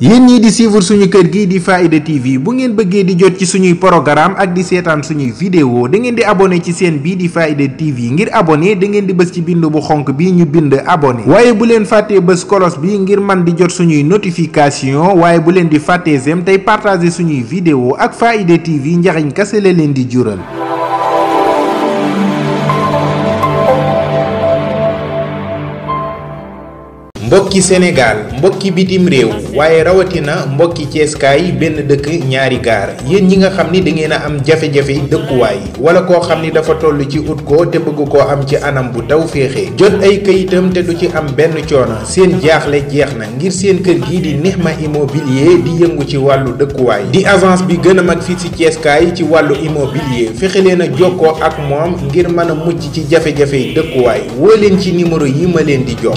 yéen ñii di suivre suñu kër gi di Faaida TV bu ngeen bëggee di jot ci suñuy programme ak di seetaan suñuy vidéo da ngeen di abonné ci seen bii di Faaida TV ngir abonné da ngeen di bës ci bind bu xonk bi ñu bind abonné waaye bu leen fàttee bës kolos bi ngir man di jot suñuy notification waaye bu leen di fàttee sem tey partage suñuy video ak Faaida TV njariñ kase la leen di jural mbokki Sénégal mbokki bitim réew waaye rawatina mbokki ceeskaay benn dëkk ñaari gaar yéen ñi nga xam ni da ngeen a am jafe-jafe dëkkuwaay wala koo xam ni dafa toll ci ut ko te bëgg koo am ci anam bu taw féexee jot ay kayitam te du ci am benn coono seen jaaxle jeex na ngir seen kër gii di Nihma immobilier di yëngu ci wàllu dëkkuwaay di agence bi gën a mag fii ci ceeskaay ci wàllu immobilier fexe leen a jokkoo ak moom ngir mën a mucc ci jafe-jafe dëkkuwaay woo leen ci numéro yi leen di jox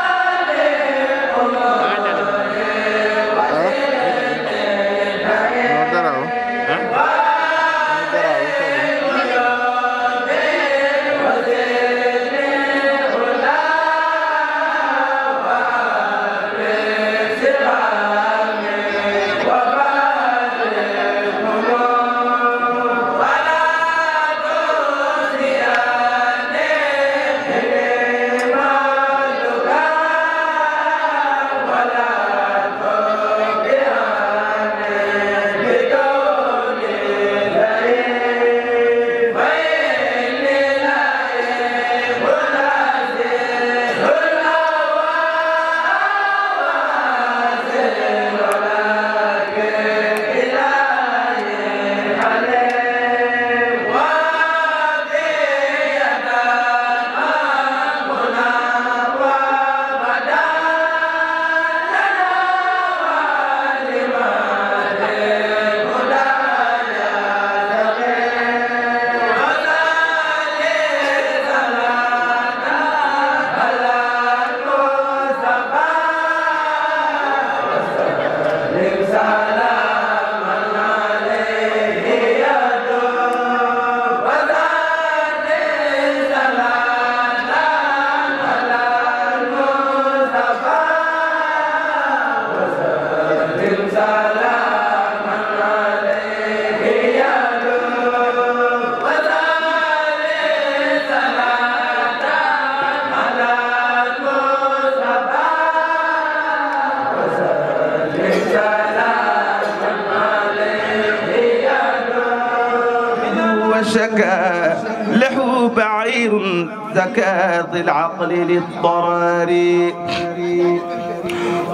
شكا لحو بعير زكاة العقل للضرار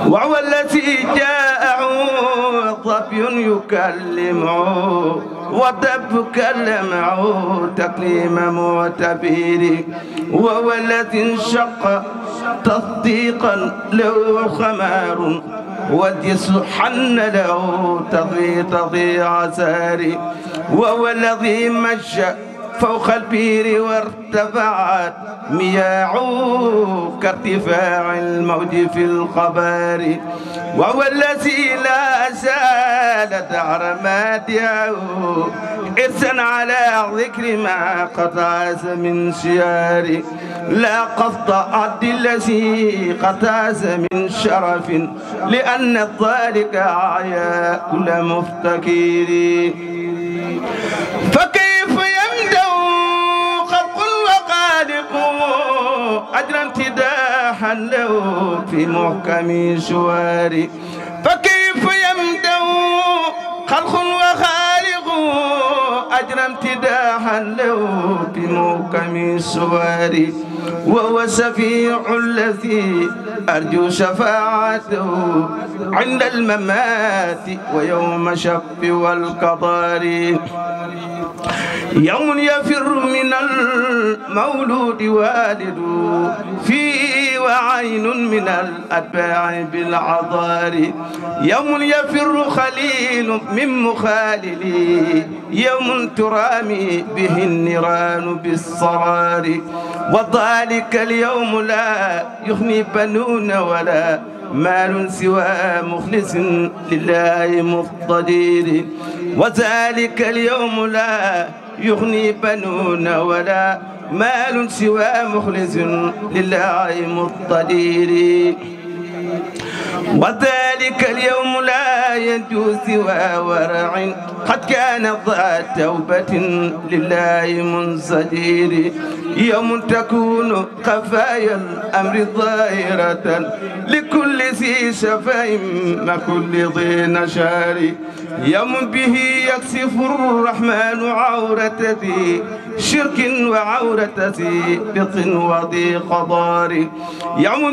وهو الذي جاءه ظبي يكلمه وطب كلمه تكليم معتبير وهو الذي انشق تصديقا له خمار والجس حن له تضيع تضيع ساري وهو الذي مشى فوق البير وارتفعت مياعه كارتفاع الموج في الخبار وهو الذي لا زالت عرماتها إرسا على ذكر ما قد عاز من شيار لا قصد عد الذي قد عاز من شرف لأن ذلك عيا كل مفتكر أجرا امتداحا له في محكم شواري فكيف يمدو خلق وخالق أجرا امتداحا له في محكم شواري وهو الشفيع الذي أرجو شفاعته عند الممات ويوم شف والقضار يوم يفر من المولود والد فيه وعين من الأتباع بالعذار يوم يفر خليل من مخالل يوم ترامي به النيران بالصرار وذلك اليوم لا يغني بنون ولا مال سوى مخلص لله مقتدير وذلك اليوم لا يغني بنون ولا مال سوى مخلص لله مقتدر وذلك اليوم لا يجوز سوى ورع قد كان ذا توبة لله منصدير يوم تكون خفايا الأمر ظاهرة لكل ذي شفاء مع كل ذي نشار يوم به يكشف الرحمن عورة ذي شرك وعورة سيبق وضيق ضار يوم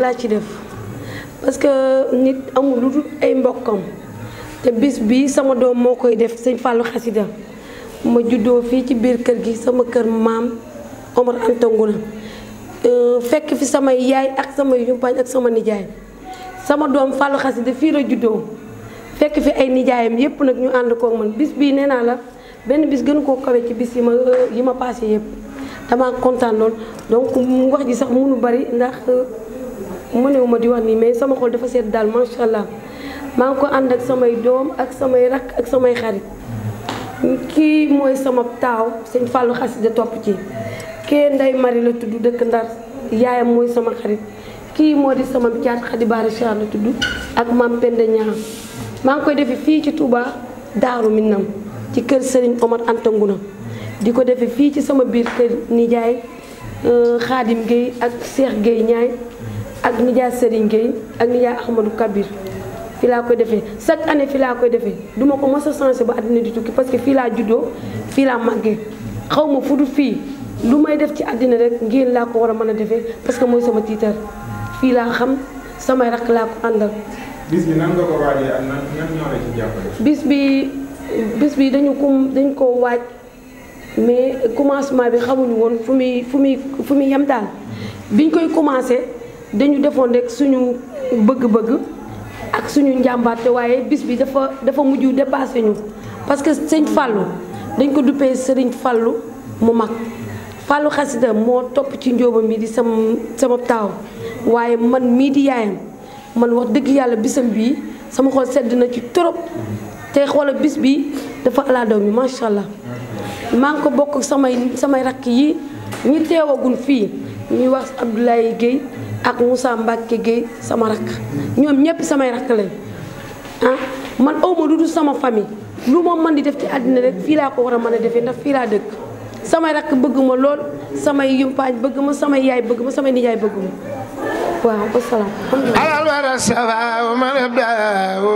laa ci def parce que nit amul lu dul ay bis bii sama doom moo koy def sëñ Fallou Xasida ma juddoo fii ci biir kër gi sama kër maam Omar Anta Ngoulan euh, fekk fi samay yaay ak samay yumpaañ ak sama nijaay sama doom Fallou Xasida fii la juddoo fekk fi ay nijaayam yëpp nag ñu ànd koog man bis bii nee naa la benn bis gën koo kawe ci bis yi ma yi ma passé yëpp damaa kontaan lool donc wax ji sax mënu bari ndax mënewuma di wax nii mais sama xol dafa seet daal macha allah maa ngi ko ànd ak samay doom ak samay rakk ak samay xarit kii mooy sama taaw sëñ Fallou Xasida topp ci kee Ndey Mari la tudd dëkk Ndar yaayam mooy sama xarit kii moo di sama caat Khady Bara Char tudd ak maam Penda Ñaam maa ngi koy defe fii ci Touba Daaru Minam ci kër sëriñ Omar Anta na di ko defe fii ci sama biir kër nijaay Xaadim euh, Gueye ak Cheikh Gueye Ñaay ak nijaay Serigne Gueye ak nijaay Ahmadou Kabir laa koy defee chaque année fi laa koy defee duma ko mos a changé ba àddina di tukki parce que fii laa juddoo fii laa màggee xaw ma fu du fii lu may def ci àddina rek ngeen laa ko war a mën a defee parce que mooy sama tiitar fii laa xam sama rakk laa ko àndal. bis bi nan nga ko waajee ak nan ñan ñoo la ci jàppale. bis bi dañu ko dañ ko waaj mais commencement bi xamuñu woon fu muy fu muy fu muy yem daal biñ koy commencé dañu defoon rek suñu bëgg ak suñu njàmbaarte waaye bis bi dafa dafa mujj dépassé parce que sëñ Fallou dañ ko duppee sëriñ Fallou mu mag falu xasida moo topp ci njóobam bi di sama sama taaw waaye man mii di yaayam man wax dëgg yàlla bisam bii sama xol sedd na ci trop te xoola bis bi dafa ala mi macha allah maa ngi ko bokk samay samay rakk yi ñu teewagun fii ñuy wax Abdoulaye Guèye ak Moussa Mbacke Guèye sama rakk ñoom ñëpp samay rakk lañ ah man awma lu dul sama famille lu ma mën di def ci àddina rek fii laa ko war a mën a defee ndax fii laa dëkk samay rakk bëgg ma lool samay yumpaañ bëgg ma samay yaay bëgg ma samay nijaay bëgg ma waaw asalaam alal wara safaaw man abdaaw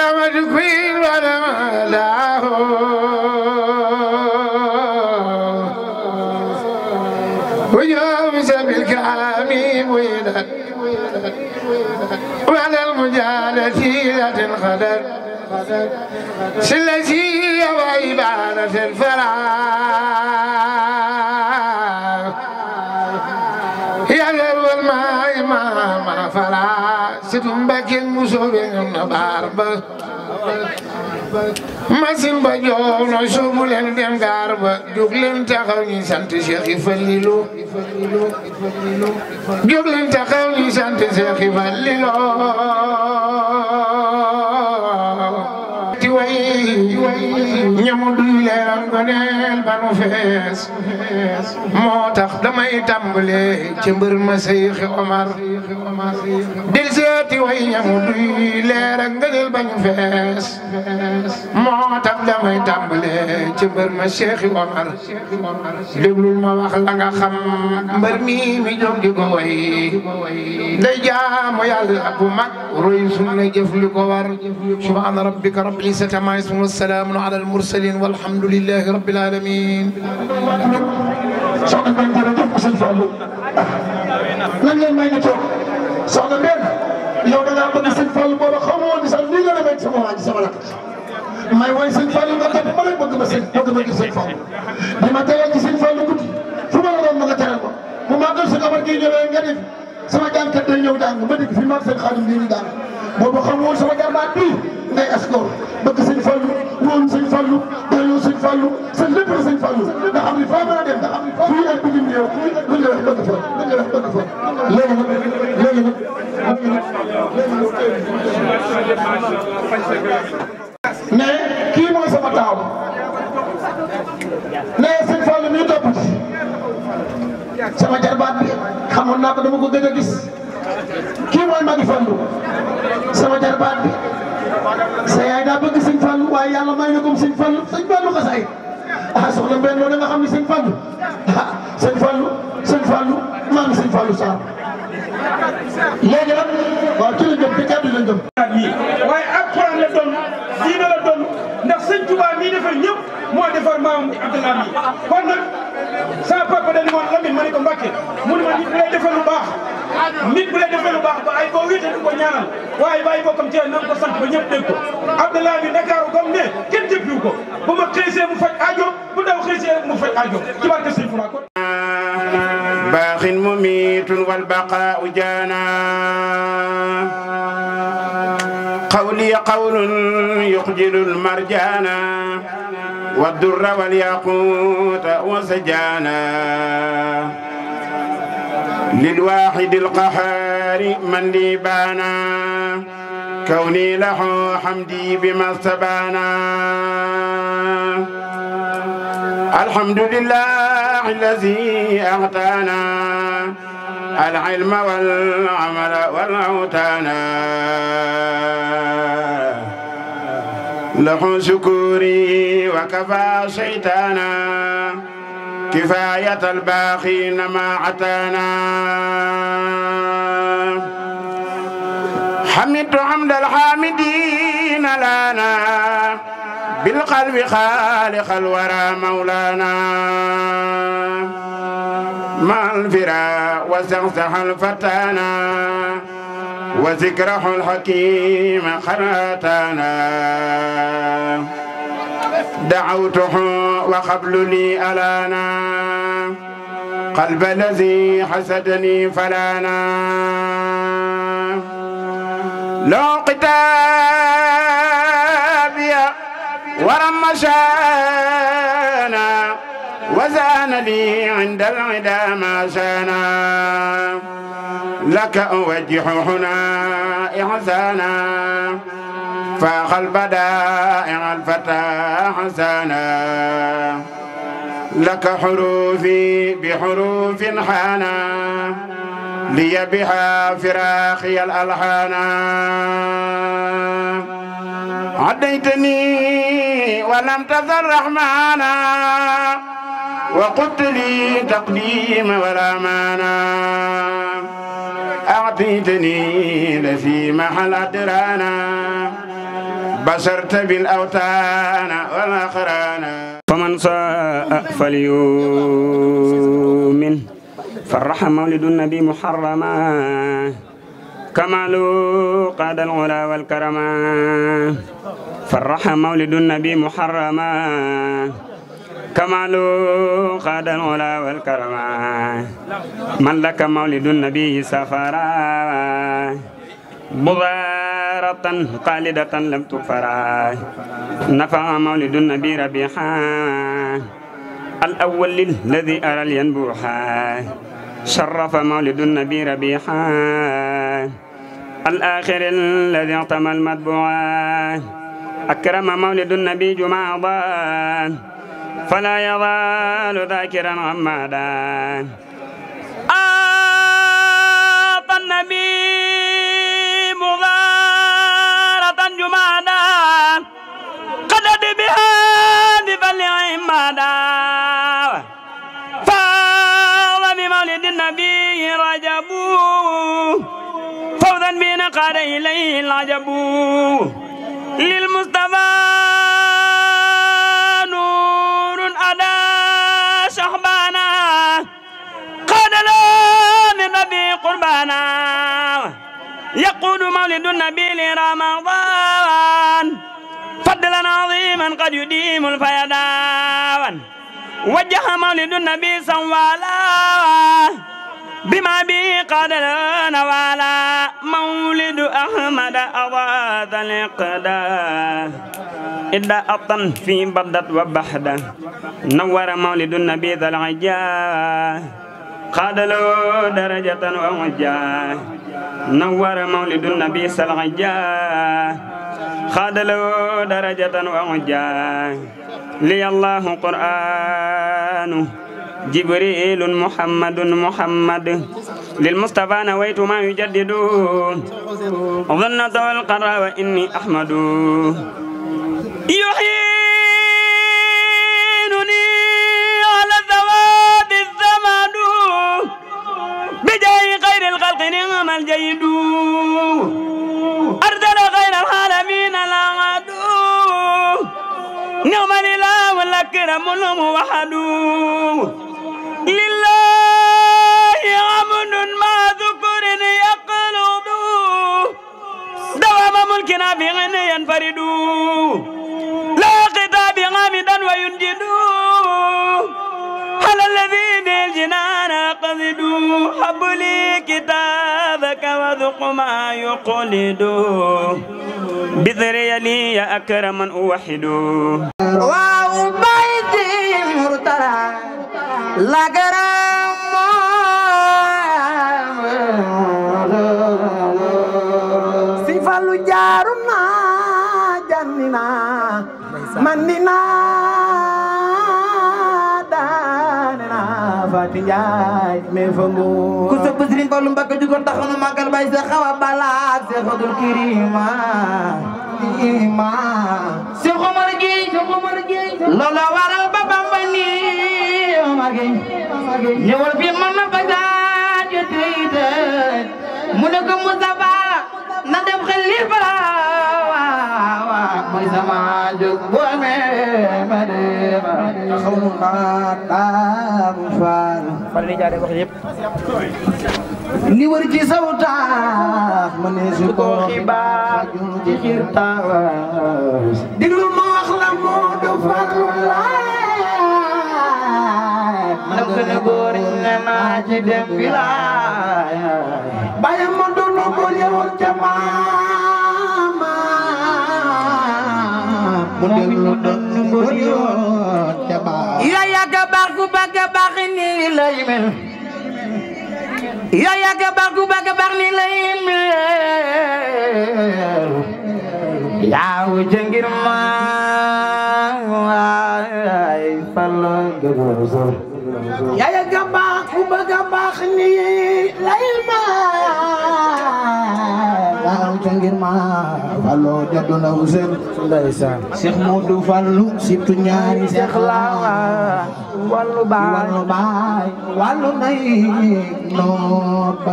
ramadu kuyin wara madaaw ويوم سب الكعامي ويلت وعلى المجالة لة خدر سلسي وعبارة الفرار mbakin musobe na barba masin ba jox no soobu leen dem gaar ba jóg leen taxaw ñi sant Cheikh Falilou jóg leen taxaw ñi sant Cheikh Falilou ti way mu duy leeram goneel ba nu fees moo tax damay tàmbale ci mbër ma Seyxi Omar dil seeti way ña mu duy leeram goneel ba nu fees moo tax damay tàmbale ci mbër ma Seyxi Omar déglul ma wax la nga xam mbër mi mi jóg di ko way day jaamu yàlla bu mag roy sunna jëf li ko war subhaana rabbika rabbil izzati ammaa yasifuun wa salaamun alal mursaliin ajmaïn walhamdulillahi rabbil alamin soxna Mbène jërëjëf sëñ Fallou lan ngeen may nga toog soxna Mbène yow da ngaa bëgg sëñ Fallou booba xaw ma woon ni sax nii nga demee sama waa ji sama rakk may woy sëñ Fallou nga topp ma rek bëgg ma sëñ bëgg ma gis sëñ Fallou bi ma teral ci sëñ Fallou guddi fu ma la doon ma nga teral ma bu màggal sa kabar gi ñëwee nga def sama jànkat day ñëw jàng ma dikk fi mag sëñ Xaadim bii ñu jàng boobu xam woon sama jarbaat bii ngay askor bëgg sëñ Fallou Fallou dañoo sëñ Fallou sa lépp la sëñ Fallou nga xam ni faa mën a dem nga xam ni faa mën a dem lu nga def dëgg fa lu nga def dëgg fa léegi nag léegi nag mais kii mooy sama taaw nee sëñ Fallou mi topp ci sama jarbaat bi xamoon naa ko dama ko gëj a gis kii mooy Magi Fallou sama jarbaat bi sa yaay daa bëgg sëñ Fallu waaye yàlla may na ko sëñ Fallu sëñ Fallu xasaay ah soxna Mbène loolu da nga xam ne sëñ Fallu ah sëñ Fallu sëñ Fallu maam sëñ Fallu Sarr léegi nag waaw ci lañ jëm ci kàddu lañ jëm. waaye alxuraan la doon diine la doon ndax sëñ Tuubaa mii defar ñëpp moo defar maam Abdoulaye mii kon nag sama papa dañu woon Lamine ma ne ko Mbàkke mu ne ma nit bu lay defal lu baax nit bu lay defal fii te di ko ñaanal waaye bàyyi bokkam teel na nga ko sant ba ñëpp dégg ko Abdoulaye bi Ndakaaru gom ne kenn jëppiwu ko bu ma xëysee mu faj aajo bu ndaw xëysee mu faj aajo ci barke sëñ Fura ko باق مميت والبقاء جانا قولي قول يخجل المرجانا والدر والياقوت وسجانا للواحد القهار من لي بانا كوني له حمدي بما استبانا الحمد لله الذي أعطانا العلم والعمل والأوتانا له شكوري وكفى شيطانا كفاية الباخين ما عتانا حمدت حمد الحامدين لنا بالقلب خالق الورى مولانا مع الفراء وزغزح الفتانا وذكره الحكيم خراتانا دعوته وخبلني ألانا قلب الذي حسدني فلانا لو قتابي ورم شانا وزان لي عند العدا ما شانا لك أوجه هنا إحسانا فاخ البدائع الفتى حسانا لك حروفي بحروف حانا لي بها فراخي الألحانا عديتني ولم تزل رحمانا وقلت لي تقديم ولا مانا أعطيتني لفي محل أدرانا بشرت بالأوتان والأقرانا فمن شاء فليؤمن فرح مولد النبي محرما كمال قاد العلا والكرما فرح مولد النبي محرما كمالو خاد العلا والكرم من لك مولد النبي سفرا بضارة قالدة لم تكفرا نفع مولد النبي ربيحا الأول الذي أرى الينبوحا شرف مولد النبي ربيحا الآخر الذي اعتمى المتبوعا أكرم مولد النبي جمعضا فلا يضال ذاكرا حمادا أعطى النبي مغارة جمادا قدد بها بفل عمادا فاض بمولد النبي رجب فوضا بين قارئ إليه العجب يعود مولد النبي لرمضان فضلا عظيما قد يديم الفيضان وجه مولد النبي سوالا بما به قد نوالا مولد أحمد أضاد الإقدام إلا أطن في بردة وبحدة نور مولد النبي ذا العجاه قاد له درجة ومجاه نور مولد النبي صلى الله عليه وسلم خاد له درجة وعجا لي الله قرآنه جبريل محمد محمد للمصطفى نويت ما يجدد ظنة والقرى وإني أحمد يحيي خير الخلق نعم الجيد أرسل خير العالمين الأعد نعم الإله الأكرم الموحد لله عمد ما ذكر يقلد دوام ملكنا بغنى ينفرد كتابك وذق ما يقلد بذري لي يا أكرم من أوحد وعبيدي مرتلى لا قرام سيفالو جارنا جننا مننا داننا فاتجاج مفهوم Serigne Fallou Mbacké jugoon taxoon màggal bay Seex Awa Balla ya teyte mu ne ko na dem xel li balaa waa xawlu naa naamu faal. fan la jaaree wax yëpp. li wër ci saw taax ma ne su ko xibaar ci xiir taax. diglu ma wax la Moodu Fallu laay. ma gën a góor ne naa ci dem bi laay. bàyyi ma doon ko yeewal ca maama. mu dellu yaa yàgg baax ku bëgg baax nii lay mel yaa yàgg baax ku bëgg baax nii lay mel Fallu jaddu na Usen ndeysaan Cheikh Modou Fallu siptu ñaari Cheikh la wallu baay wallu nay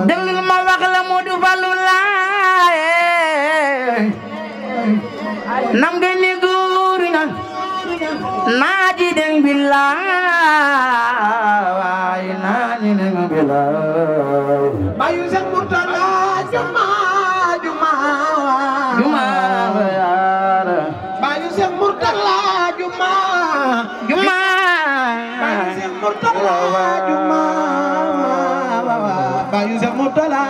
déglul ma wax la Modou Fallu laay nam de ni na naa di deng billaay bayu Seex Murtala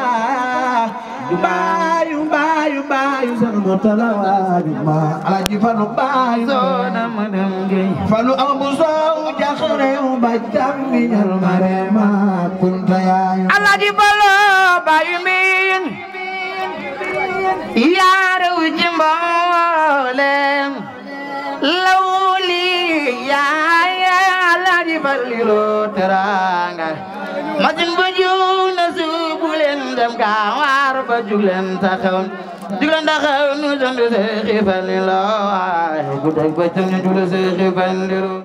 bayu bayu bayu Seex Murtala wajuma alaji fanu bayu sona madam gey fanu abu saw jaxre ba jammi al marema kunta ya alaji falo bayu min di ballilu teranga majin ba jug na suubu leen dem ka waar ba jug leen taxaw jug leen taxaw nu jënd seexi ballilu ay guddeeg bëccëg ñu jug seexi ballilu